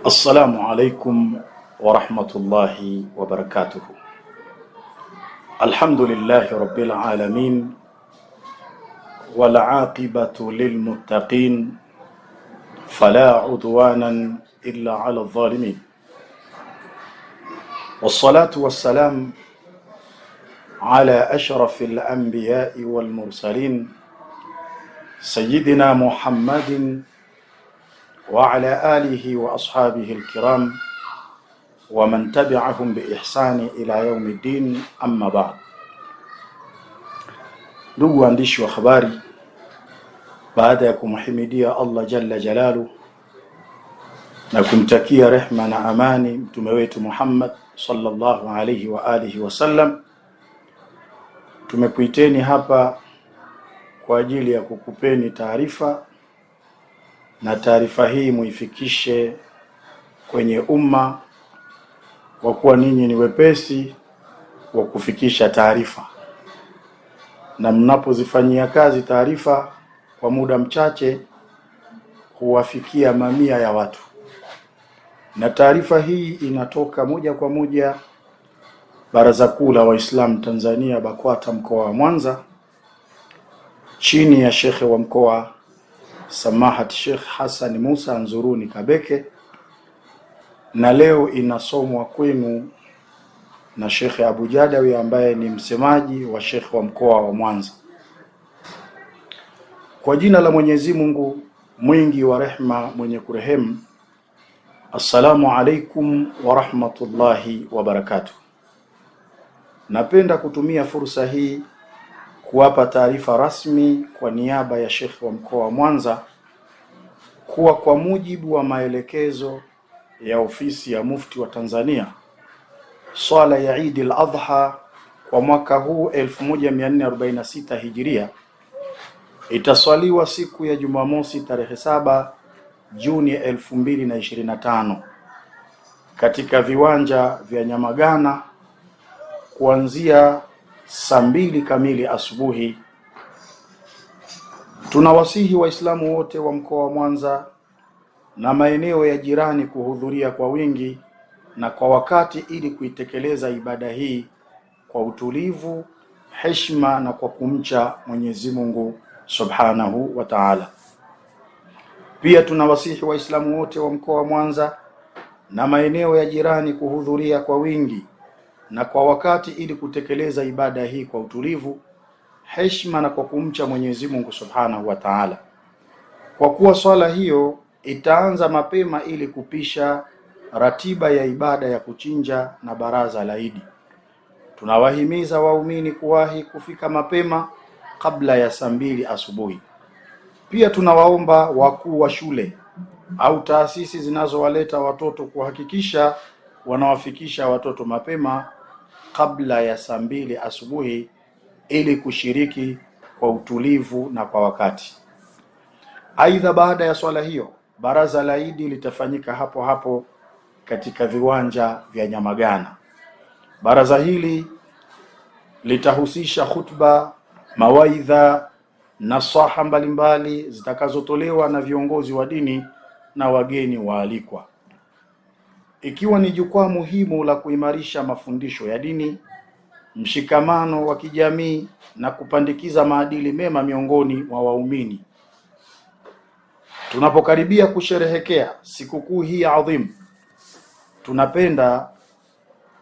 السلام عليكم ورحمة الله وبركاته الحمد لله رب العالمين والعاقبة للمتقين فلا عدوانا إلا على الظالمين والصلاة والسلام على أشرف الأنبياء والمرسلين سيدنا محمد wa ala alihi wa ashabihi alkiram wa man tabi'ahum bi ihsani ila yaumi ddin, amma ba'd. Ndugu waandishi wa habari, baada ya kumhimidia Allah jalla jalalu na kumtakia rehma na amani mtume wetu Muhammad sallallahu alayhi wa alihi sallam, tumekuiteni hapa kwa ajili ya kukupeni taarifa na taarifa hii muifikishe kwenye umma, kwa kuwa ninyi ni wepesi wa kufikisha taarifa, na mnapozifanyia kazi taarifa kwa muda mchache huwafikia mamia ya watu, na taarifa hii inatoka moja kwa moja Baraza Kuu la Waislamu Tanzania BAKWATA mkoa wa Mwanza chini ya shekhe wa mkoa Samahat Sheikh Hassan Musa Nzuruni Kabeke, na leo inasomwa kwenu na Sheikh Abu Jadawi ambaye ni msemaji wa Sheikh wa mkoa wa Mwanza. Kwa jina la Mwenyezi Mungu mwingi wa rehma mwenye kurehemu. Assalamu alaikum wa rahmatullahi wa barakatuh. Napenda kutumia fursa hii kuwapa taarifa rasmi kwa niaba ya Sheikh wa mkoa wa Mwanza kuwa kwa mujibu wa maelekezo ya ofisi ya Mufti wa Tanzania, swala ya Idi al-Adha kwa mwaka huu 1446 Hijiria itaswaliwa siku ya Jumamosi tarehe 7 Juni 2025 katika viwanja vya Nyamagana kuanzia saa mbili kamili asubuhi. Tunawasihi Waislamu wote wa mkoa wa Mwanza na maeneo ya jirani kuhudhuria kwa wingi na kwa wakati ili kuitekeleza ibada hii kwa utulivu, heshima na kwa kumcha Mwenyezi Mungu Subhanahu wa Ta'ala. Pia tunawasihi Waislamu wote wa mkoa wa Mwanza na maeneo ya jirani kuhudhuria kwa wingi na kwa wakati ili kutekeleza ibada hii kwa utulivu, heshima na kwa kumcha Mwenyezi Mungu Subhanahu wa Ta'ala, kwa kuwa swala hiyo itaanza mapema ili kupisha ratiba ya ibada ya kuchinja na baraza la Idi. Tunawahimiza waumini kuwahi kufika mapema kabla ya saa mbili asubuhi. Pia tunawaomba wakuu wa shule au taasisi zinazowaleta watoto kuhakikisha wanawafikisha watoto mapema kabla ya saa mbili asubuhi ili kushiriki kwa utulivu na kwa wakati. Aidha, baada ya swala hiyo baraza la Idi litafanyika hapo hapo katika viwanja vya Nyamagana. Baraza hili litahusisha khutba, mawaidha, nasaha mbalimbali zitakazotolewa na viongozi wa dini na wageni waalikwa ikiwa ni jukwaa muhimu la kuimarisha mafundisho ya dini, mshikamano wa kijamii na kupandikiza maadili mema miongoni mwa waumini. Tunapokaribia kusherehekea sikukuu hii adhimu, tunapenda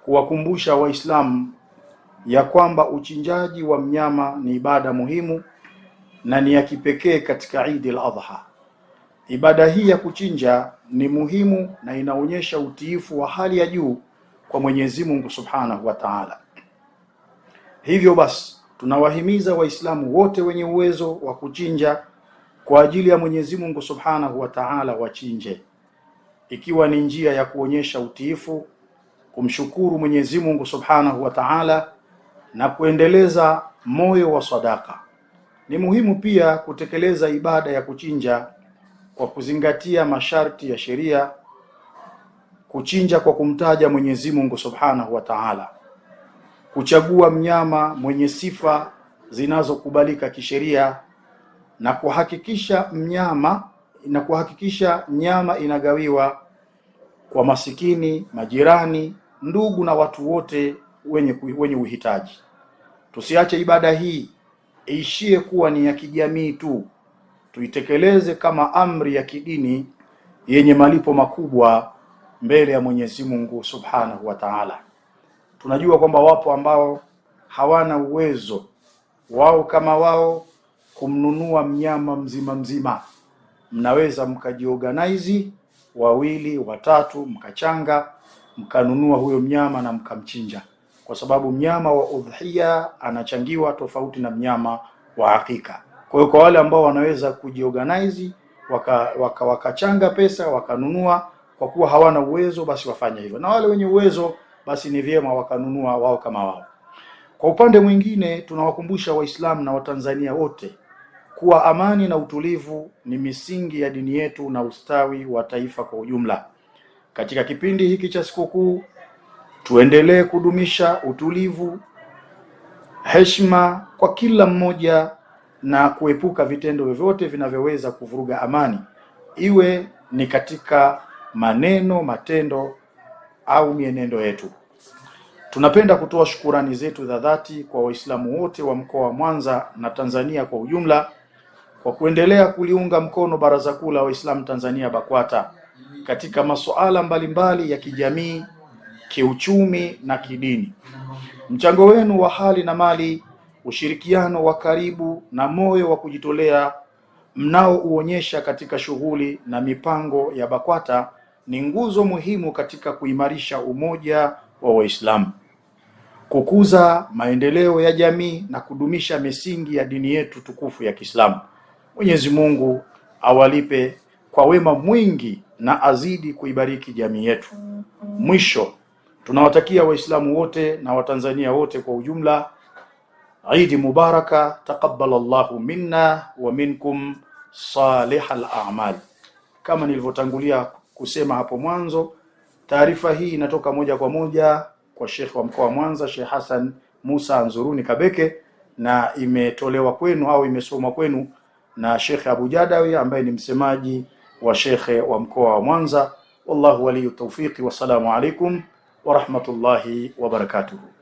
kuwakumbusha Waislamu ya kwamba uchinjaji wa mnyama ni ibada muhimu na ni ya kipekee katika Eid al-Adha. Ibada hii ya kuchinja ni muhimu na inaonyesha utiifu wa hali ya juu kwa Mwenyezi Mungu Subhanahu wa Ta'ala. Hivyo basi tunawahimiza Waislamu wote wenye uwezo wa kuchinja kwa ajili ya Mwenyezi Mungu Subhanahu wa Ta'ala wachinje, ikiwa ni njia ya kuonyesha utiifu, kumshukuru Mwenyezi Mungu Subhanahu wa Ta'ala na kuendeleza moyo wa sadaka. Ni muhimu pia kutekeleza ibada ya kuchinja kwa kuzingatia masharti ya sheria, kuchinja kwa kumtaja Mwenyezi Mungu Subhanahu wa Ta'ala, kuchagua mnyama mwenye sifa zinazokubalika kisheria na kuhakikisha mnyama na kuhakikisha nyama inagawiwa kwa masikini, majirani, ndugu na watu wote wenye wenye uhitaji. Tusiache ibada hii iishie kuwa ni ya kijamii tu tuitekeleze kama amri ya kidini yenye malipo makubwa mbele ya Mwenyezi Mungu Subhanahu wa Ta'ala. Tunajua kwamba wapo ambao hawana uwezo wao kama wao kumnunua mnyama mzima mzima, mnaweza mkajiorganize wawili watatu, mkachanga mkanunua huyo mnyama na mkamchinja, kwa sababu mnyama wa udhiya anachangiwa tofauti na mnyama wa hakika. Kwa hiyo kwa wale ambao wanaweza kujiorganize wakachanga waka, pesa wakanunua, kwa kuwa hawana uwezo basi wafanya hivyo, na wale wenye uwezo basi ni vyema wakanunua wao kama wao. Kwa upande mwingine, tunawakumbusha Waislamu na Watanzania wote kuwa amani na utulivu ni misingi ya dini yetu na ustawi wa taifa kwa ujumla. Katika kipindi hiki cha sikukuu, tuendelee kudumisha utulivu, heshima kwa kila mmoja na kuepuka vitendo vyovyote vinavyoweza kuvuruga amani, iwe ni katika maneno, matendo au mienendo yetu. Tunapenda kutoa shukurani zetu za dhati kwa Waislamu wote wa mkoa wa Mwanza na Tanzania kwa ujumla kwa kuendelea kuliunga mkono Baraza Kuu la Waislamu Tanzania BAKWATA katika masuala mbalimbali ya kijamii, kiuchumi na kidini. Mchango wenu wa hali na mali ushirikiano wa karibu na moyo wa kujitolea mnaouonyesha katika shughuli na mipango ya BAKWATA ni nguzo muhimu katika kuimarisha umoja wa Waislamu, kukuza maendeleo ya jamii na kudumisha misingi ya dini yetu tukufu ya Kiislamu. Mwenyezi Mungu awalipe kwa wema mwingi na azidi kuibariki jamii yetu. Mwisho, tunawatakia Waislamu wote na Watanzania wote kwa ujumla Idi mubaraka, taqabbal Allahu minna wa minkum salihal a'mal. Kama nilivyotangulia kusema hapo mwanzo, taarifa hii inatoka moja kwa moja kwa Sheikh wa mkoa wa Mwanza, Sheikh Hassan Musa Nzuruni Kabeke, na imetolewa kwenu au imesomwa kwenu na Sheikh Abu Jadawi ambaye ni msemaji wa Sheikh wa mkoa wa Mwanza. Wallahu waliyu tawfiqi, wassalamu alaikum wa rahmatullahi wa barakatuhu.